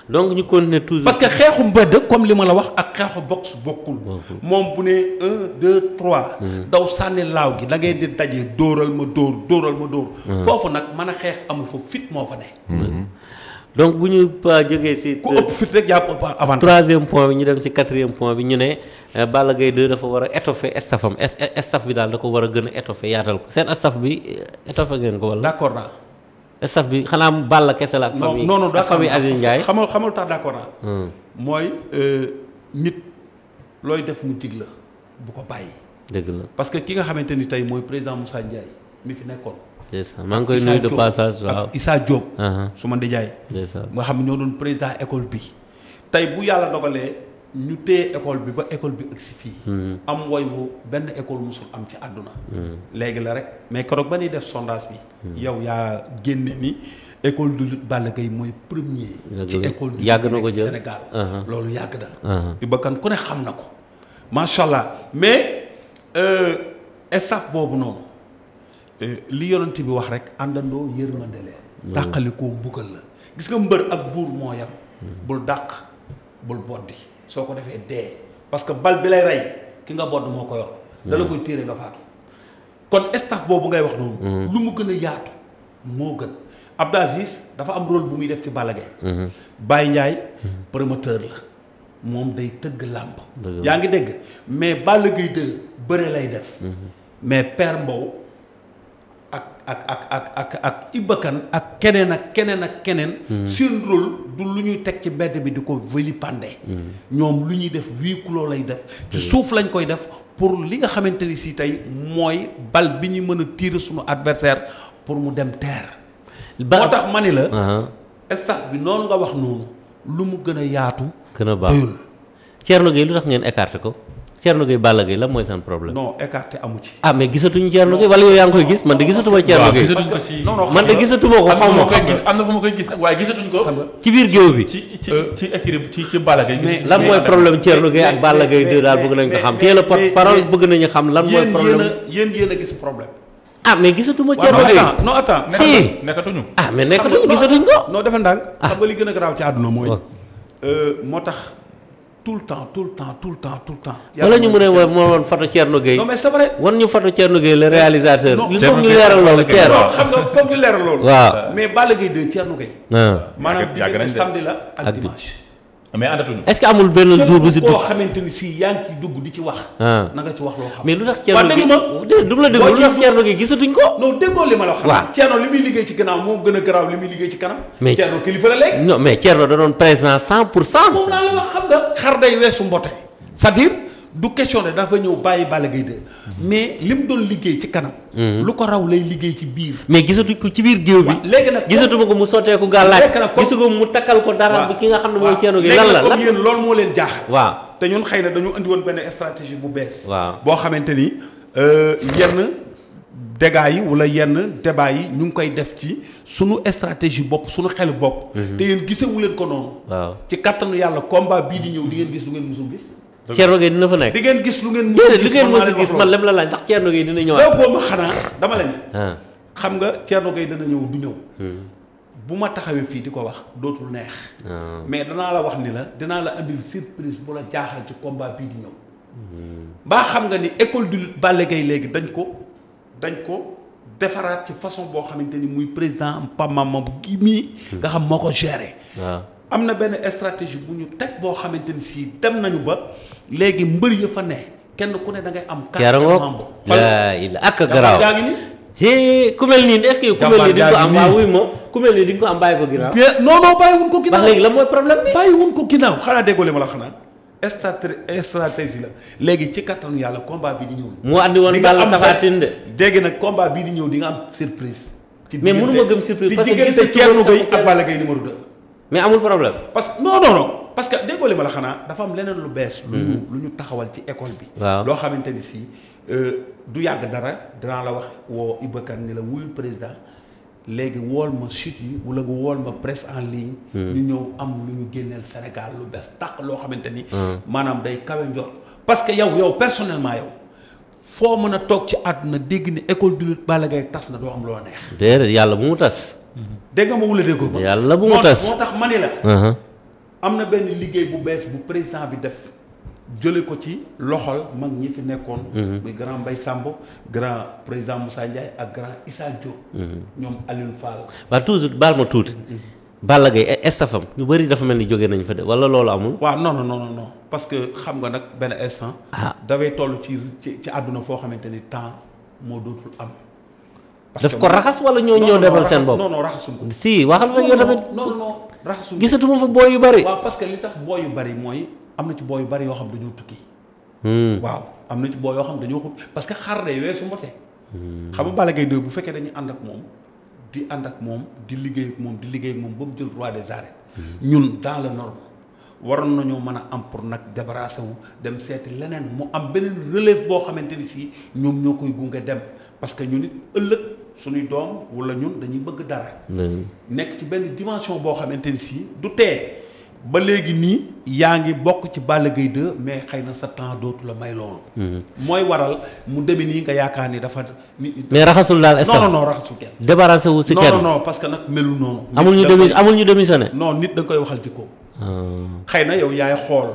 donc ñu continuer toujours. parce que xeexu mbëdd comme li ma la wax ak xeexu box bokkul. moom bu ne un deux trois. Mm-hmm. daw sànni laaw gi da ngay di daje dóoral ma dóor dóoral ma dóor. Mm-hmm. foofu nag mën a xeex amul fa fit moo fa ne. Mm-hmm. donc bu ñu jógee si. ku ëpp fit rek jàpp avantage. troisième point bi ñu dem si quatrième point bi ñu ne euh, Balla Gaye 2 dafa war a étoffer staffam staff bi daal da ko war a gën a étoffer yaatal ko seen staff bi euh, étoffer ngeen ko wala. d'accord naa. staff bi xanaa Balla kese la ak. famille non non daa famille Aziz Ndiaye xamal xamal tax d'accord naa. Hmm. mooy euh, nit looy def mu dig la bu ko bàyyi. dëgg la parce que ki nga xamante ni tey mooy président Moussa Ndiaye mi fi nekkoon. ndeysaan maa ngi koy nuyu de passage waaw ak Issa Diop. Uh-huh. su ma ndijaay. nga xam ne ñoo doon président école bi. tey bu yàlla dogalee. ñu téye école bi ba école bi si fii. Hmm. am woy wu benn école musul am ci àdduna. Hmm. léegi la rek mais keroog ba ñuy def sondage bi. Hmm. yow yaa génne ni école de lutte Balla Gaye mooy premier. ci école de lutte Sénégal uh-huh. loolu yàgg na. Uh-huh. Iba Kane ku ne xam na ko macha allah mais euh, staff boobu noonu euh, li yonent bi wax rek àndandoo yërmande leen. dàqali koo mbugal la gis nga mbër ak buur moo yam. bul dàq bul boddi. soo ko defee dee parce que bal bi lay rey ki nga bodd moo ko yor. dala hmm. koy téere nga faatu. kon staff boobu ngay wax noonu. Hmm. lu mu gën a yaatu moo gën. Abdou dafa am rôle bu muy def ci Balla Gaye. Hmm. Baye Ndiaye. promoteur la moom day tëgg làmp yaa ngi dégg mais Balla Gaye 2 bëre lay def. mais Père Mbow. ak ak ak ak ak Ibakan ak keneen ak keneen ak keneen. Hmm. seen du lu ñuy teg ci mbedd bi di ko vilipender. Hmm. ñoom lu ñuy def huis lay def. ci hmm. suuf lañ koy def pour li nga xamante ni si tey mooy bal bi ñuy mën a tirer suñu adversaire pour mu dem terre. moo tax ma ni la. Uh-huh. staff bi noonu nga wax noonu lu mu gën a yaatu. gën a baax doyul. Thierno Gueye lu tax ngeen écarté ko. Thierno Gueye Balla Gaye la mooy seen problème. non écarté amu ci. ah na fu ma koy gis waaye gisatuñu ko. ci a porte parole bëgg nañu xam lan mooy problème yéen yéen a gis problème. ah mais gisatuma Thierno Gueye non attends si nekkatuñu ah mais nekkatuñu gisatuñu ko. non dafa ndànk xam nga li gën a garaaw ci àdduna mooy moo tax tout le temps tout le temps tout le temps tout le temps. ñu mën a woon moo woon photo Thierno Gueye. non mais c'est vrai wan ñu photo Thierno Gueye le réalisateur. non foog ñu leeral loolu Thierno. waaw ah. la ak mais àndatuñu. est-ce amul benn jour bu si dugg koo xamante ni si yaa ngi dugg di ci wax. Ah. na nga ci wax loo xam. mais lu tax Thierno gi waaw dégg gisatuñ ko. non déggoo li ma la wax. waaw Thierno liggéey ci gannaaw moo gën a garaaw muy liggéey ci kanam. mais Thierno kilifa la léegi. non mais Thierno da doon présent 100 pour 100. moom laa la wax xam nga. xar day weesu mbote cest à du question ne dafa ñëw bàyyi Balla Gaye de mais li doon liggéey ci kanam. Mm-hmm. lu ko raw lay liggéey ci biir. mais gisatu ko ci biir géew bi. léegi nag gisatu ko mu sotteeku nga laaj. gisatu ko mu takkal ko dara. bi ki nga xam ne mooy ceeno gi lan la comme yéen loolu leen jaaxal. waaw te ñun xëy na dañu andi woon benn stratégie bu bees. waaw boo xamante ni euh, yenn dégâts yi wala yenn débats yi ñu ngi koy def ci sunu stratégie bopp sunu xel bopp. Mm-hmm. te leen ko noonu. waaw ci yàlla combat bii di ñëw di ngeen gis lu ngeen musul gis Thierno Gueye dina fa nekk di ngeen gis lu ngeen. mos a gis a man lem la laaj ndax Thierno Gueye dina ñëwaat. lépp boo ma xanaa dama la ah. ne. xam nga Thierno Gueye dana ñëw du ñëw. Hmm. bu ma taxawee fii di ko wax dootul neex. Ah. mais danaa la wax ni la dinaa la andil surprise bu la jaaxal ci combat bii di ñëw. Hmm. mbaa xam nga ni école du Balla Gaye léegi dañ ko dañ ko defaraat ci façon boo xamante ni muy président pamamam gi mii. Hmm. nga xam moo ko géré. Ah. am na benn stratégie bu ñu teg boo xamante ni si dem nañu ba. léegi mbër ya fa ne kenn ku ne da ngay am. carte membre la ak garaaw si ku mel nii est-ce que ku mel nii di ko am waaw wuy bàyyi ko ginnaaw. non non bàyyiwuñ ko mooy problème ko ginnaaw xanaa déggoo ma la xanaa straté stratégie la léegi ci kattanu yàlla combat bi di ñëw. moo andi woon Balla Tapha Tine de. dégg nag combat bii di ñëw di nga am surprise. ci diggante mais mënu ma gëm surprise. parce que gis nga Thierno Gueye ak Balla Gaye numéro 2. parce que déggoo li ma la xanaa dafa am leneen lu bees. lu ñu mhm. lu ñu taxawal ci école bi. waaw loo xamante ni si euh, du yàgg dara danaa la wax woo Ibakar ni la wuyul président léegi wool ma chute yi wala nga wool ma presse en ligne. Mhm. ñëw am lu ñu génneel Sénégal lu bees tàq loo xamante ni. Mhm. maanaam day kawe njort parce que yow yow personnellement yow. foo mën a toog ci àdduna dégg ni école du lutte Balla Gaye tas na doo am loo neex. déedéet yàlla bu mu tas. dégg nga ma wula déggoo ma. yàlla bu mu tas moo tax ma ni la. Uh-huh. am na benn liggéey bu bees bu président bi def jële ko ci loxol mag ñi fi nekkoon mhm. muy grand mbay Samb grand président Moussa Ndiaye ak grand Issa mhm. ñoom Alioune Fall waaw toujours baal ma tuuti mhm. Balla Gaye estafam ñu bëri dafa mel ni jóge nañu fa de wala loolu amul waa non noonu non non parce que xam nga nag benn instant ah toll ci ci àdduna foo xamante ni temps moo dootul am daf ko raxas wala ñoo ñoo defal seen bopp non non raxasum ko raxasu gisatuma fa booy yu bari. waaw parce que li tax booy yu bari mooy am na ci booy yu bari yoo xam dañoo tukki. Hmm. waaw am na ci booy yoo xam dañoo xut parce que xar day weesu mbote. Hmm. xam nga Balla Gaye 2 bu fekkee dañuy ànd ak moom di ànd ak moom di liggéey ak moom di liggéey ak moom jël roi des arènes. Hmm. ñun dans le norme waroon nañoo mën a am pour nag débarrassé wu dem seeti leneen mu am beneen relève boo xamante ni si ñoom ñoo koy gunge dem parce que ñun it ëllëg. suñuy doom wala ñun dañuy bëgg dara. nekk ci benn dimension boo xamante ni sii du tee. ba léegi nii yaa ngi bokk ci Balla Gaye 2 mais xëy na sa temps dootu la may loolu. Mhm. mooy waral mu demee nii nga yaakaar ni dafa. mais raxasul daal est non non non wu si kenn non parce que nag melul noonu. amul ñu demi amul ñu ne noonu nit da nga koy waxal jikko. Ah. xëy na yow yaay xool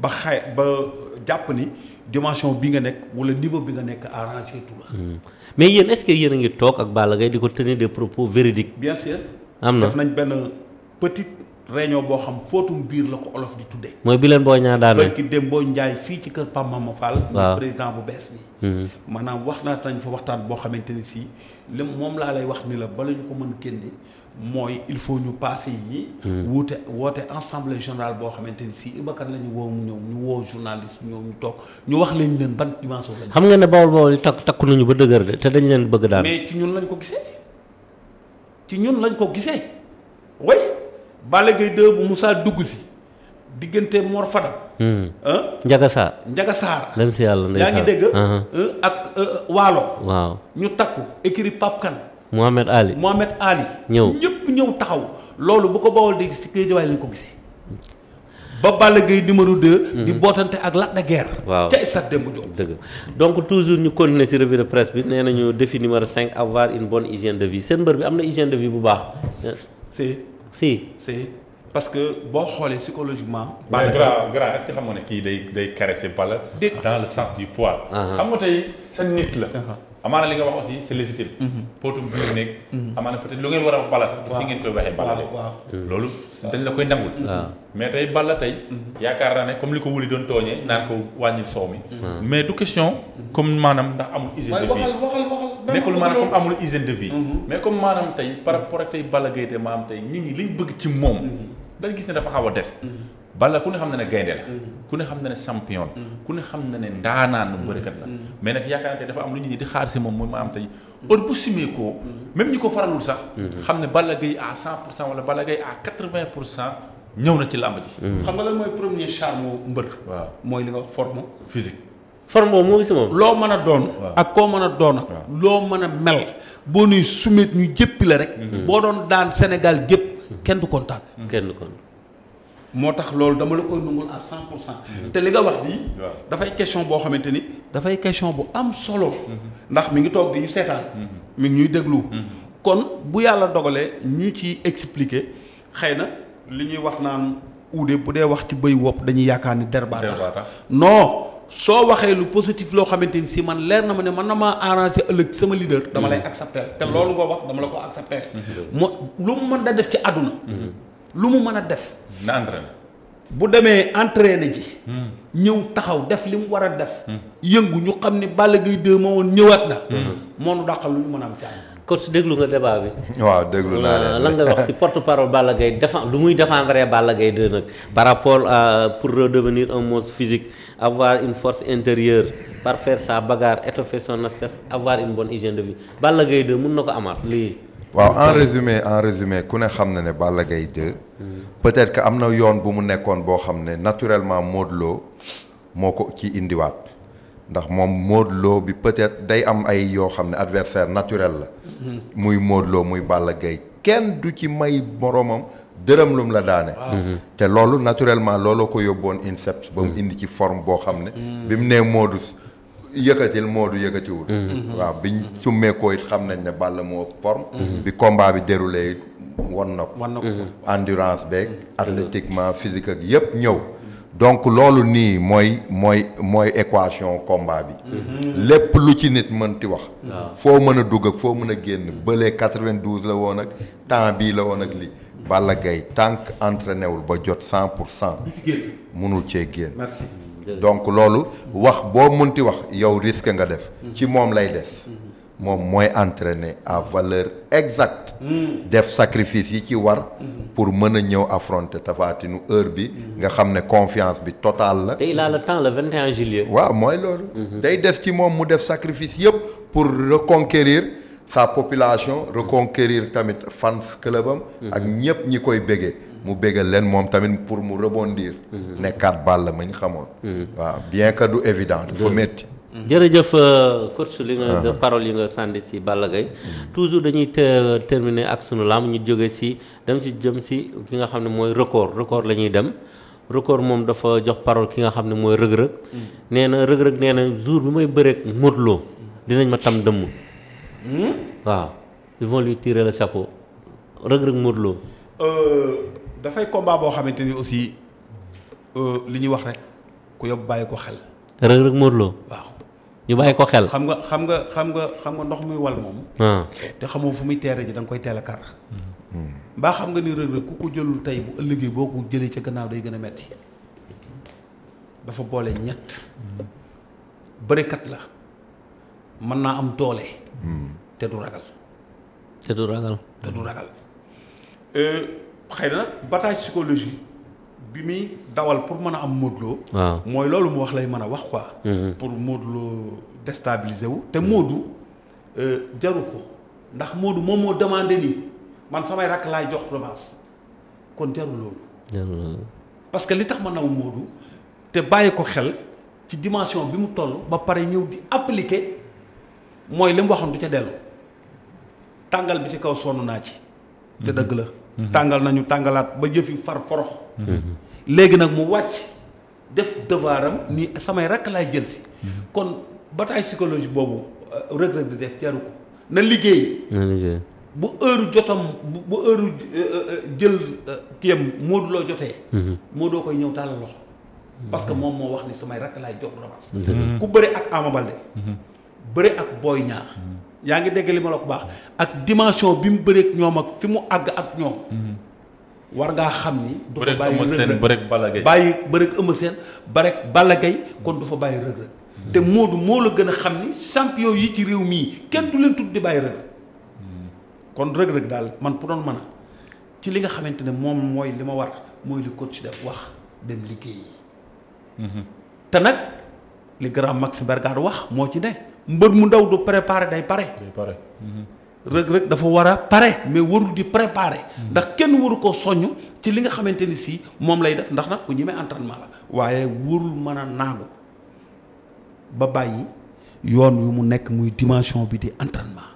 ba xay ba jàpp ni. dimension bi nga nekk wala niveau bi nga nekk arrangé tout la. Hmm. mais yéen est-ce que yéen a ngi toog ak Balla Gaye di ko tenir des propos véridiques. bien sûr am na def nañ benn petite réunion boo xam fóotum biir la ko olof di tuddee. mooy bi leen boo ñaa daanee barki dem boo njaay fii ci kër Pape Mama Fall. waaw président bu bees bi. Hmm. maanaam wax naa tañ fa waxtaan boo xamante ni si li moom laa lay wax ni la bala ñu ko mën génne. mooy il faut ñu passé yi wuute woote assemblée générale boo xamante ni si Iba Kane la ñu woo mu ñëw ñu woo journaliste ñëw ñu toog ñu wax leen leen ban dimension lañ xam nga ne bawol bawol yi takk takku nañu ba dëgër de te dañ leen bëgg daal mais ci ñun lañ ko gisee ci ñun lañ ko gisee way Balla Gaye 2 bu Moussa dugg si diggante Mor Fadam hmm. Njaga Saar Njaga Saar dem si yàlla yaa ngi dégg uh-huh. ak euh, Waalo waaw ñu takku écrit Pape Mohamed Ali Mohamed Ali. ñëw ñëpp ñëw taxaw loolu bu ko bawoo dégg si Guédiawaye lañ ko gisee. ba Balla Gaye numéro 2. Mhm. di bootante ak Lac de waaw ca stade Demba Diop. dëgg donc toujours ñu continuer si revue de presse bi nee nañu défi numéro 5 avoir bon bonne hygiène de vie seen mbër bi am na hygiène de vie bu baax. si si si. parce que boo xoolee psychologiquement. Balla Gaye grand grand est-ce que xam nga ne kii day day caresser Balla. dans le sens du poil. Ah ah. amaana li nga wax aussi c'est légitime. pootum bu ngeen nekk. amaana peut lu ngeen war a wax Balla sax du fi ngeen koy waxee. Balla de mhm. loolu dañ la koy nangul. Ah. mais tey bala tey. Mhm. yaakaar naa ne comme li ko wuli doon tooñee naan ko wàññi soow mi. Mhm. Ah. mais du question. comme maanaam ndax amul hygiène de vie waxal waxal amul hygiène de vie. mais comme maanaam tey par rapport ak tey Balla Gaye te tey nit ñi liñ bëgg ci moom. dañ gis ne dafa xaw a des. Balla ku ne xam na ne gaynde la mm-hmm. ku ne xam na ne champion mm-hmm. ku ne xam na ne ndaanaan mm-hmm. bërikat la mais nag yaakaar naa dafa am lu ñu di xaar si moom mooy maanaam tey heure bu simee koo même ñi ko faralul sax xam ne Balla Gaye à cent pour cent wala bala Gaye à quatre-vingt pour cent ñëw na ci làmb ji xam nga lan mooy premier charme mbër mooy li nga wax forme physique forme boobu moo ngi si moom loo mën a doon ak koo mën a doon loo mën a mel boo nuy sumeet ñu jëppi la rek boo doon daan Sénégal gépp kenn du kontaan kenn du moo tax loolu dama la koy nangul à cent pour cent te li nga wax nii dafay question boo xamante ni dafay question bu am solo mhm. ndax mi ngi toog di ñu seetaan mhm. mi ngi ñuy déglu mhm. kon bu yàlla dogalee ñu ci expliquer xëy na li ñuy wax naan uude bu dee wax ci bëy wopp dañuy yaakaar ni der baa soo waxee lu positif loo xamante ni si man leer na ma ne mën na ma arrangé ëllëg sama leader dama lay accepter te loolu ngoo wax dama la ko accepter mo lu mu da def ci àdduna lu mu mën a def. na entraîné. bu demee entraîné ji. Hmm. ñëw taxaw def li mu war a def. Hmm. yëngu ñu xam ni Balla Gaye 2 moo woon ñëwaat na. Hmm. moo nu dàqal lu ñu mën a am caa. coach déglu nga débat bi. waaw déglu naa leen lan nga wax ci porte parole Balla Gaye défend lu muy défendre Balla gay 2 nag par rapport à pour redevenir un monstre physique avoir une force intérieur parfaire sa bagarre étoffer son staff avoir une bonne hygiène de vie Balla Gaye 2 mun na ko amaat lii. waaw en résumé en résumé ku ne xam na ne Balla Gaye 2 peut-être que am na yoon bu mu nekkoon boo xam ne naturellement Modou moo ko ci indiwaat ndax moom Modou bi peut-être day am ay yoo xam ne adversaire naturel la muy Modou muy Balla Gaye kenn du ci may moroomam dërëm lum la daane te loolu naturellement looloo ko yóbboon INSEP ba mu indi ci forme boo xam ne mm. bi mu nee Modou yëkkatil moo du yëkkatiwul. Mm-hmm. Mm-hmm. waaw biñ summeekoo it xam nañ ne Balla moo ëpp mm-hmm. bi combat bi déroulé won na ko. endurance beeg. athlétiquement physique ak yëpp ñëw. donc loolu nii mooy mooy mooy équation combat bi. lépp lu ci nit mënti wax. foo mën a dugg ak foo mën a génn bële 92 la woon ak temps bii la woon ak lii. Balla Gaye tànk entraîné wul ba jot cent pour cent. munul cee génn. donc loolu wax boo munti wax yow risque nga def mm-hmm. ci moom lay des mm-hmm. moom mooy entraîner à valeur exacte mm-hmm. def sacrifice yi ci war pour mën a ñëw affronter tafaatinu heure bi nga xam ne confiance bi totale la te il a le temps le juillet waaw mooy loolu day des ci moom mu def sacrifice yëpp pour reconquérir sa population reconquérir tamit fans club am ak ñëpp ñi koy béggee mu bégal leen moom tamit pour mu rebondir. Mhm. nekkaat Balla ma ñu xamoon. Mhm. waaw bien ka du évident dafa métti. jërëjëf mhm. euh, coach li nga de ah. parole yi nga sànni si Balla Gaye toujours dañuy terminer ak sunu lamb ñu jóge si dem si jëm si ki nga xam ne mooy record record la ñuy dem record moom dafa jox parole ki nga xam ne mooy rëg-rëg nee na rëg-rëg nee na jour bi may bëri Modou Lo dinañ ma tam dëmm waaw ils vont lui tirer le chapeau rëg-rëg Modou dafay combat boo xamante ni aussi euh, li ñuy wax rek ku yóbbu bàyyi ko xel. Reug Reug Modou waaw. ñu bàyyi ko xel xam nga xam nga xam nga xam nga ndox muy wal moom. Ah. te xamoo fu muy teere ji da nga koy teel a kar. Mm-hmm. mbaa xam nga ni Reug Reug ku ko jëlul tey bu ëllëgee boo ko jëlee ca gannaaw day gën a metti dafa boole ñett mm-hmm. bërikat la mën naa am doole. Mm-hmm. te du ragal. te du ragal te du ragal. Euh, xëy na nag bataille bi muy dawal pour mën a am Modou waaw mooy loolu mu wax lay mën a wax quoi. Mhm. pour Modou Lo wu. te Modou euh, jaru ko ndax Modou moom moo demandé nii man samay rakk laay jox revanche kon jaru loolu. jaru parce que li tax ma naw Modou te bàyyi ko xel ci dimension bi mu toll ba pare ñëw di appliquer mooy li mu waxoon du ca dellu tàngal bi ci kaw sonn naa ci. te mhm. dëgg la. Mhm. tàngal nañu tàngalaat ba jëfi far forox mhm. léegi nag mu wàcc def devoiram ni samay rakk laay jël si mhm. kon bataille psychologie boobu Reug Reug di def jaru ko na liggéey bu heure jotam bu heure euh, euh, euh, jël kiyam Modou Lo jotee doo koy ñëw tàllal loxo parce que moom moo wax ni samay rakk laay jox revanche ku bëri ak Ama Baldé bëri ak Boy Niang yaa ngi dégg li ma la ko baax ak dimension bi mu bëreeg ñoom ak fi mu àgg ak ñoom. Mm-hmm. war ngaa xam ni. du fa bàyyi rëg rëg bàyyi bëreeg Eumeu Sène bëreeg Balla kon du fa bàyyi rëg rëg mm-hmm. moo la gën a xam ni champion yi ci réew mii kenn du leen tudd di bàyyi rëg mm-hmm. kon rëg rëg daal man pour doon mën a ci li nga xamante ne moom mooy li ma war mooy li coach def wax dem liggéey yi te nag li grand Max Bergade wax moo ci ne. mbër mu ndaw du préparé day pare. day pare. Mhm. dafa war a pare mais warul di préparer ndax kenn waru koo soññ ci li nga xamante ni si moom lay def ndax nag ku ñemee entraînement la waaye warul mën a naagu ba bàyyi yoon wi mu nekk muy dimension bi di entraînement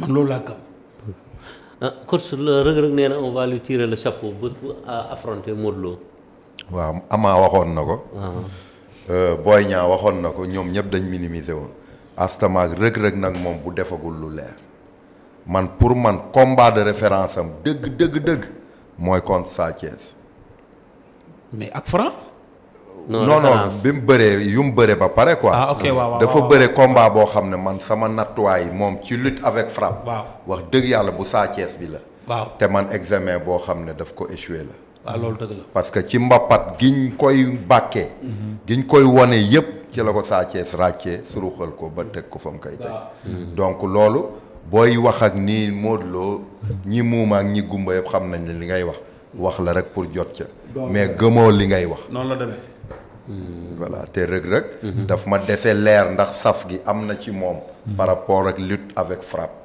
man loolu laa gëm ah, course Reug Reug nee na on va lui chapeau bu affronter Modou Lo waaw amaa waxoon na ko ah. Euh, booy ñaa waxoon na ko ñoom ñëpp dañ minimiser woon astamaak rëg-rëg nag moom bu defagul lu leer man pour man combat de référence am dëgg dëgg dëgg mooy contre Sa Thiès mais ak Franc non bi mu bëree yu mu bëree ba pare ko ah ok waaw dafa bëre combat boo xam ne man sama nattuwaay moom ci lutte avec frappe. waaw wax dëgg yàlla bu Sa Thiès bi la. waaw te man examen boo xam ne daf ko échoué la. waaw loolu parce que ci mbappat ñu koy bàkkee giñ koy wone yépp ci la ko Sa Thiès ràccee suruxal ko ba teg ko fa mu koy teg donc loolu booy wax ak ni Modou Lo ñi muuma ñi gumba yëpp xam nañ li ngay wax wax la rek pour jot ca mais gëmoo li ngay wax noonu la demee hmm. voilà te Reug Reug mhm. daf ma dese leer ndax saf gi am na ci moom mhm. par rapport ak lutte avec frappe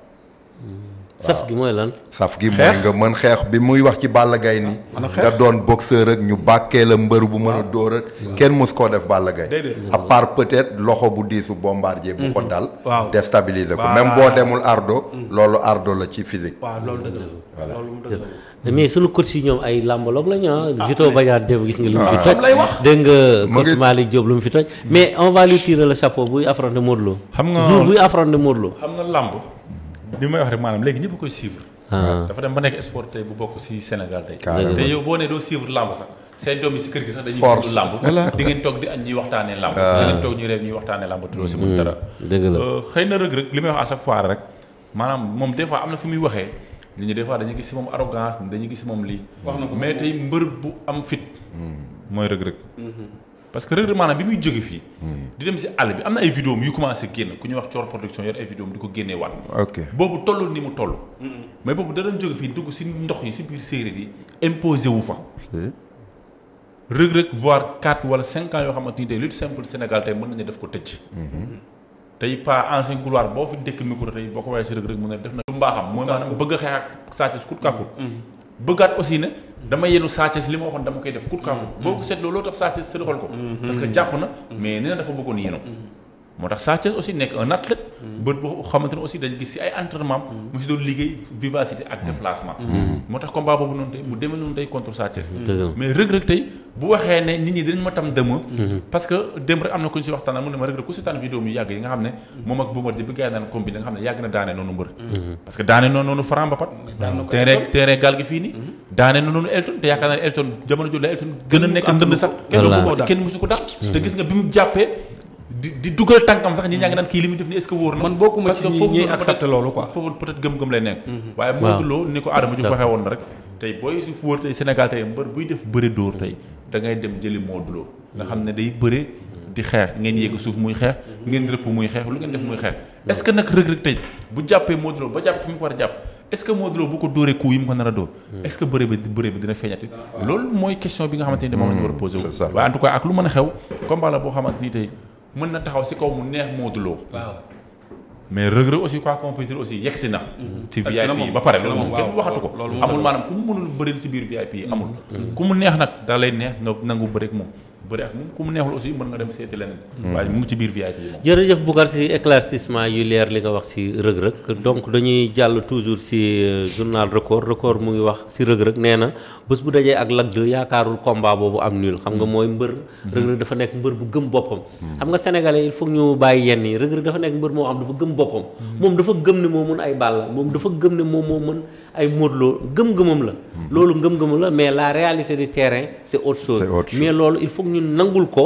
hmm. saf gi mooy lan. saf gi mooy nga mën xeex bi muy wax ci Balla Gaye ni nga doon boxeur rek ñu bàkkee la mbër bu mën a dóor ak. kenn mos koo def Balla Gaye. à part peut-être loxo bu diisu bombardier. bu ko mhm. dal. déstabiliser ko même boo demul ardo. Mhm. loolu ardo la ci physique. waaw loolu dëgg la voilà. mais sunu coach yi ñoom ay làmbaloog lañu ah. Vito ah, Badiane def gis nga. lu mu fi ah. toj nga. coach Malick Diop mu fi toj. mais on va lui tirer le chapeau buy affronter Modou xam nga buy affronter Modou Lo. xam li may wax rek maanaam léegi ñëpp koy suivre. Ah. dafa dem ba nekk sport tey bu bokk si Sénégal tey. te yow boo nee doo suivre lamb sax seen doom yi si kër gi sax dañuy. force lamb di ngeen toog di añ ñuy waxtaanee ah. toog ñuy reew ñuy waxtaanee lamb te doo si mm. mën dara. dëgg la euh, xëy na rëg rek li may wax à chaque fois rek maanaam moom des fois am na fu muy waxee nit ñi des fois dañuy gis si moom arrogance dañuy gis si moom lii. wax na ko mais tey mbër bu am fit. Mm. mooy rëg rëg. Mm-hmm. parce que Reug maanaam bi muy jóge fii. Hmm. di dem si àll bi am na ay vidéo yu commencé génn ku ñuy wax Coor production yor ay vidéo di ko génnee waat. ok boobu tollul ni mu toll. Hmm. mais boobu da doon fii dugg si ndox yi si biir séeréer yi imposé wu fa. Reug Reug voire 4 wala 5 ans yoo xamante ni tey lutte simple Sénégal tey na nañu def ko tëj. Hmm. tey pas ancien couloir boo fi dëkk micro tey boo ko waxee si Reug mu ne def na lu mbaaxam mooy maanaam bëgg a bëggaat aussi ne dama yenu Sa Thiès li ma waxoon dama koy def kut mm. kaaku boo ko seetloo loo tax Sa Thiès sërixal ko mm-hmm. parce que jàpp na mais nee na dafa bëggoon yenu mm-hmm. moo tax Sa aussi nekk un athlète bët boo xamante aussi dañ gis si ay entraînement mu si doon liggéey vivacité ak déplacement mm. Mm. moo tax combat boobu noonu tey mu demee noonu tey contre Sa Thiès mais Reug Reug tey bu waxee ne nit ñi dañ ma tam dëma mm-hmm. parce que rek am na ku ñu si waxtaan mu ne ma Reug Reug ku seetaan vidéo mi yàgg yi nga xam ne moom ak Bombardier bi gars yi naan combi nga xam ne yàgg na daane noonu mbër mm-hmm. parce que noonu noonu Mbapat terrain gaal gi fii ni mm-hmm. daane noonu noonu di di dugal tànkam sax ñi ñaa ngi naan kii li muy def ni est-ce que wóor na. man bokkuma ci ñi ñuy accepté loolu quoi foofu peut-être gëm-gëm lay nekk. Mhm. waaye Modou ko Adama na rek. tey booy ne day bëre di xeex ngeen yéeg suuf muy xeex ngeen rëpp muy xeex lu mhm. bu jàppee Modou Lo ba jàpp fi mu ko war a a dóor mhm. est bi dina feeñati ah. loolu mooy question bi nga xamante ni moom la ñu war a posé wu waaye en ak lu mën a xew combat la boo xamante ni tey mën na taxaw si kaw mu neex Modou mais Reug Reug aussi quoi qu'on peut dire aussi yegsi na. Mm-hmm. ci ah, VIP ba pare loolu moom kenn waxatu ko. amul maanaam ku mu mënul bëril si biir yi amul. Mm-hmm. ku mu neex nag da lay neex nga nangu bëreeg moom. bëri ak moom ku mu neexul aussi mën nga dem seeti leneen. Hmm. waaye mu ngi ci biir VIP moom. jërëjëf Boucar si éclaircissement yu leer li nga wax si rëg-rëg donc dañuy jàll toujours si euh, journal record record mu ngi wax si rëg-rëg nee na bés bu dajee ak Lac 2 yaakaarul combat boobu am nul xam nga hmm. mooy mbër. Hmm. rëg-rëg dafa nekk mbër bu gëm boppam. xam nga sénégalais il ñu bàyyi yenn yi rëg-rëg dafa nekk mbër moo xam dafa gëm boppam. moom dafa gëm ne moo mën ay bàll moom dafa gëm ne moom moo mën ay modloo gëm-gëmam la. Hmm. loolu gëm-gëmam la mais la réalité du terrain c' est autre chose. mais loolu il foog que ñun nangul ko.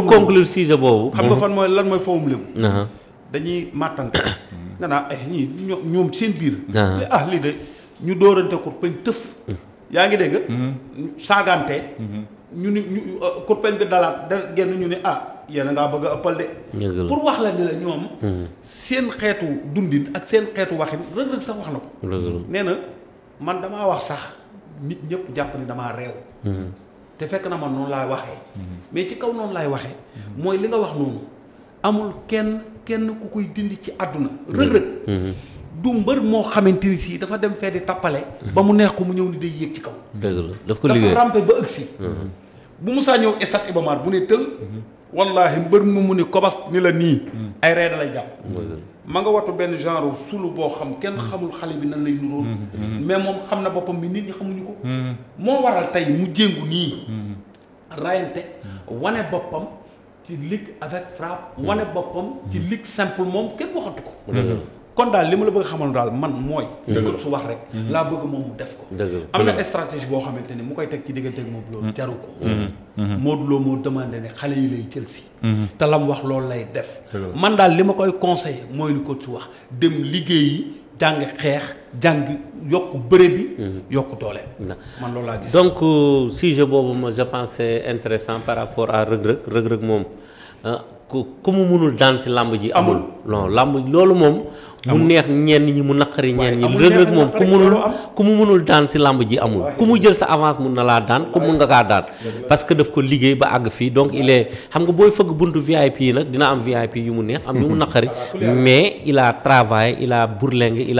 pour conclure sujet boobu. xam nga fan mooy lan mooy fawum lébu. dañuy màttante. nee naa ay eh, ñii ñoom seen biir. ah lii de ñu dóorante kurpeñ tëf. Mm. yaa ngi dégg. Mm-hmm. saagante. Mm-hmm. ñu ni ñu kurpeñ euh, bi dalaat da genn ñu ne ah yéen ngaa bëgg a ëppal de. pour wax la la ñoom. Mm-hmm. seen xeetu dundin ak seen xeetu waxin Reug Reug sax wax na ko. nee man damaa wax sax nit ñëpp jàpp ni damaa réew. te fekk na man noonu laay waxee. Mhm. mais ci kaw noonu laay waxee. Mhm. mooy li nga wax noonu amul kenn kenn ku koy dindi ci àdduna. Mhm. rëg-rëg du mbër moo xamante ni si dafa dem fee di tappale. ba mu neex ko mu ñëw ni day yéeg ci kaw. dëgg daf ko liggéey dafa rampe ba ëgg si. bu Moussa ñëw esat Ibamaar bu ne tël. wallaahi mbër mu mu ne kobas ni la nii. ay reer ay jàpp. ma nga wattu benn genre sulu boo xam kenn mm-hmm. xamul xale bi nan lay nuróon mm-hmm. mais moom xam na boppam mi nit ñi xamuñu ko mm-hmm. moo waral tey mu jéngu nii rayante wane boppam ci ligue avec frappe wane boppam ci ligue simple moom kenn waxatu ko kon daal li ma la bëgg a xamal daal man mooy. dëgg su wax rek. Mhm. laa bëgg moom mu def ko. am na stratégie boo xamante ni mu koy teg ci diggante ak Modou Lo mhm. jaru ko. Mhm. Modou Lo moo demandé ne xale yi lay jël si. te lam wax loolu lay def. man daal li ma koy conseillé mooy lu ko ci wax dem liggéeyi jàng xeex jàng yokk bëre bi. yokk doole. man loolu laa gis. donc euh, sujet boobu ma je pense c'est intéressant par rapport à Reug Reug Reug Reug moom. Euh, ku ku mu munul daan si làmb ji. amul non làmb loolu moom. mu neex ñenn ñi mu naqari ñenn ñi. rëg rëg moom ku munul ku mu munul daan si làmb ji amul. ku mu jël sa avance mun na laa daan ku mun nga kaa daan. parce que daf ko liggéey ba àgg fii donc il xam nga booy fëgg buntu VIP yi nag dina am VIP yu mu neex. am ñu mu naqari mais il a travaillé il a bourlingué il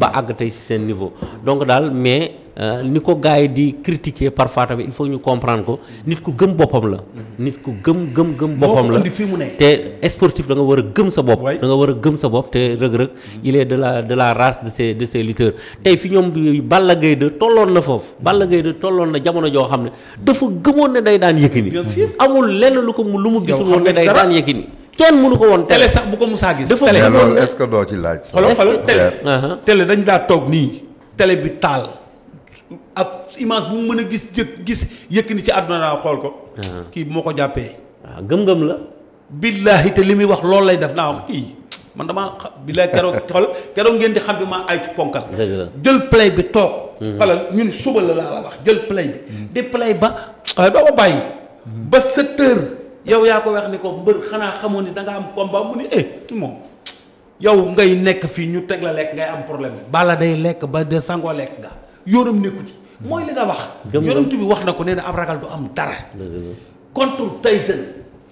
ba àgg tey si seen niveau donc daal mais. Euh, ni ko gars yi di critiquer parfois tamit il faut ñu comprendre ko nit ku gëm boppam la. nit ku gëm gëm gëm boppam la te sportif da nga war a gëm sa bopp. da nga war a gëm sa bopp te rëg-rëg il est de la de la race de ces de ces lutteurs tey fi ñoom Balla Gaye de tolloon na foofu Balla Gaye de tolloon na jamono joo xam ne dafa gëmoon ne day daan Yékini. amul lenn lu ko lu mu gisul woon ne day daan Yékini. kenn mënu ko woon télé sax bu ko musaa gis. dafa télé loolu est-ce que doo ci ak image bu mu mën a gis jëkk gis yëkkani ci àdduna naa xool ko. Uh-huh. kii bi moo ko jàppee. waaw ah, gëm-gëm la. billaahi te li muy wax loolu lay def naa am kii man damaa xa billaahi keroog xool keroog ngeen di xam bi maa ay ci ponkal. jël play bi toog. Uh-huh. xoolal ñun suba la laa la wax jël play bi. Uh-huh. di play ba waaye doo ko bàyyi. ba sept heures. yow yaa ko wax ni ko mbër xanaa xamoon ni da nga am combat mu ni eh moom. yow ngay nekk fii ñu teg la lekk ngay am problème bala day lekk ba de sangoo lekk nga. yoonam nekku ci mooy li nga wax. yonent bi wax na ko nee na am ragal du am dara. contre Tyson.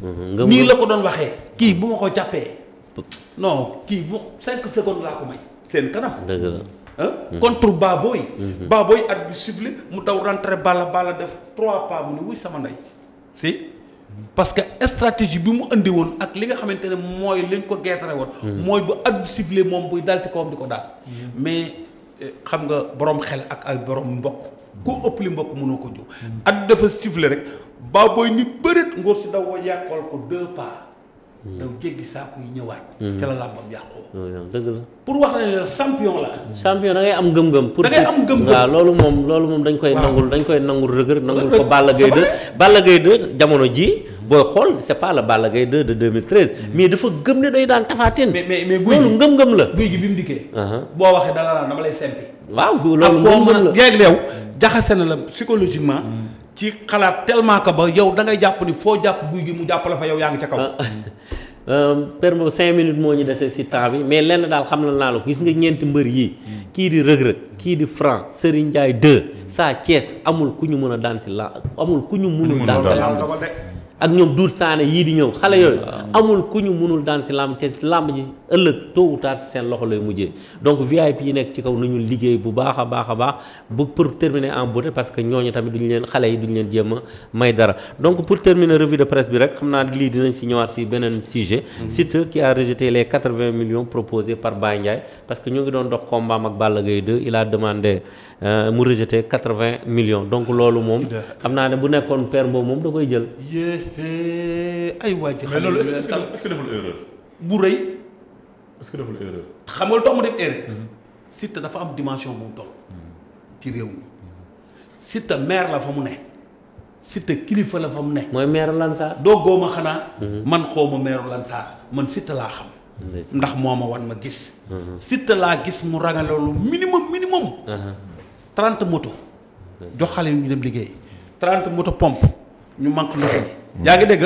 Mmh, nii la ko doon waxee. kii bu ma ko jàppee. non kii bu cinq secondes laa ko may seen kanam. Mmh. contre Baboy. Mmh. Baboy at bi sifflé mu daw rentré bala baala def trois pas mu ne wuy sama ndey. si parce que stratégie bi mu indi woon ak li nga xamante ne mooy lañ ko geetare woon. mooy bu at bi sifflé moom buy dal ci kawam di ko daal mais. xam nga boroom xel ak ay boroom mbokk koo ëpp li mbokk mënoo ko jóg. at dafa siffler rek ba booy ni bëreet ngóor si daw wa ko deux pas. daw jéggi saako yi ñëwaat. Hmm. ca la làmbam yàqoo. Hmm, dëgg la pour wax ne la champion la. champion da ngay am gëm-gëm. pour da am gëm-gëm waaw loolu moom loolu moom dañ koy. nangul dañ koy nangul rëgër nangul ko Balla Gaye 2. Balla Gaye 2 jamono jii booy xool c' est pas le Balla Gaye 2 de 2013. mais dafa gëm ne day daan tafaatin. mais mais mais guy loolu ngëm-ngëm la. guy gi bi mu dikkee. Uh-huh. boo waxee dana naan dama lay sempi. waaw loolu ngëm-ngëm la jaxase na la psychologiquement. Hmm. ci xalaat tellement que ba yow da ngay jàpp ni foo jàpp guy gi mu jàpp la fa yow yaa ngi ca kaw. Ah. Um, permo cinq minutes moo ñu desee si temps bi mais lenn daal xam na naa la gis nga ñeenti mbër yi hmm. kii di rëg-rëg kii di Franc Serigne Ndiaye 2 saa Thiès amul ku ñu mën a daan si la amul ku ñu mënul ak ñoom duut saane yii di ñëw xale yooyu amul ku ñu mënul daan si làmb te làmb ji ëllëg tôt ou tard seen loxo lay mujjee donc VIP yi nekk ci kaw nañu liggéey bu baax a baax a baax bu pour terminer en beauté parce que ñooñu tamit duñu leen xale yi duñu leen jéem a may dara donc pour terminer revue de presse bi rek xam naa lii dinañ si ñëwaat si beneen sujet mm-hmm. Siteu qui a rejeté les 80 millions proposés par Baye Ndiaye parce que ñu ngi doon dox combat ak Balla Gaye 2 il a demandé euh, mu rejeté 80 millions donc loolu moom xam naa ne bu nekkoon père boobu moom da koy jël Eh, ay waa ji. mais loolu est-ce que deful erreur. bu rëy. est-ce que xam nga lu tax mu def erreur. Mhm. Siteu dafa am dimension bu mu toll. Mhm. ci réew mi. Siteu maire la fa mu ne. Siteu kilifa la fa mu ne. mooy maire Lansar. doo ma xanaa. Mhm. man xaw ma maire Lansar man Siteu laa xam. ndax moo ma wan ma gis. Siteu laa gis mu rangale lu minimum minimum. 30 moto. jox xale yu ñu dem liggéey. 30 moto pompe ñu manque ndox mi. yaa ngi dégg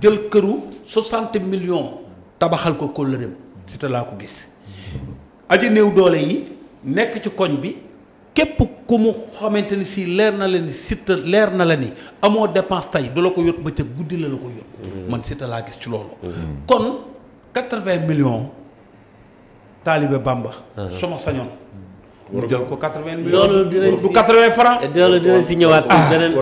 jël këru 60 millions tabaxal ko kóllëreem si te laa ko gis. aji néew doole yi nekk ci koñ bi képp ku mu xamante ni si leer na la ni Siteu leer na la ni amoo depanse tey du la ko yot ba ca guddi la la ko yót mm-hmm. man Siteu laa gis ci loolu mm-hmm. kon quatre-vingts millions taalibe Bamba uh-huh. sañoon mu jël ko quatre-vingts millions du quatre-vingts francs loolu dina si ñëwaat si ah. beneen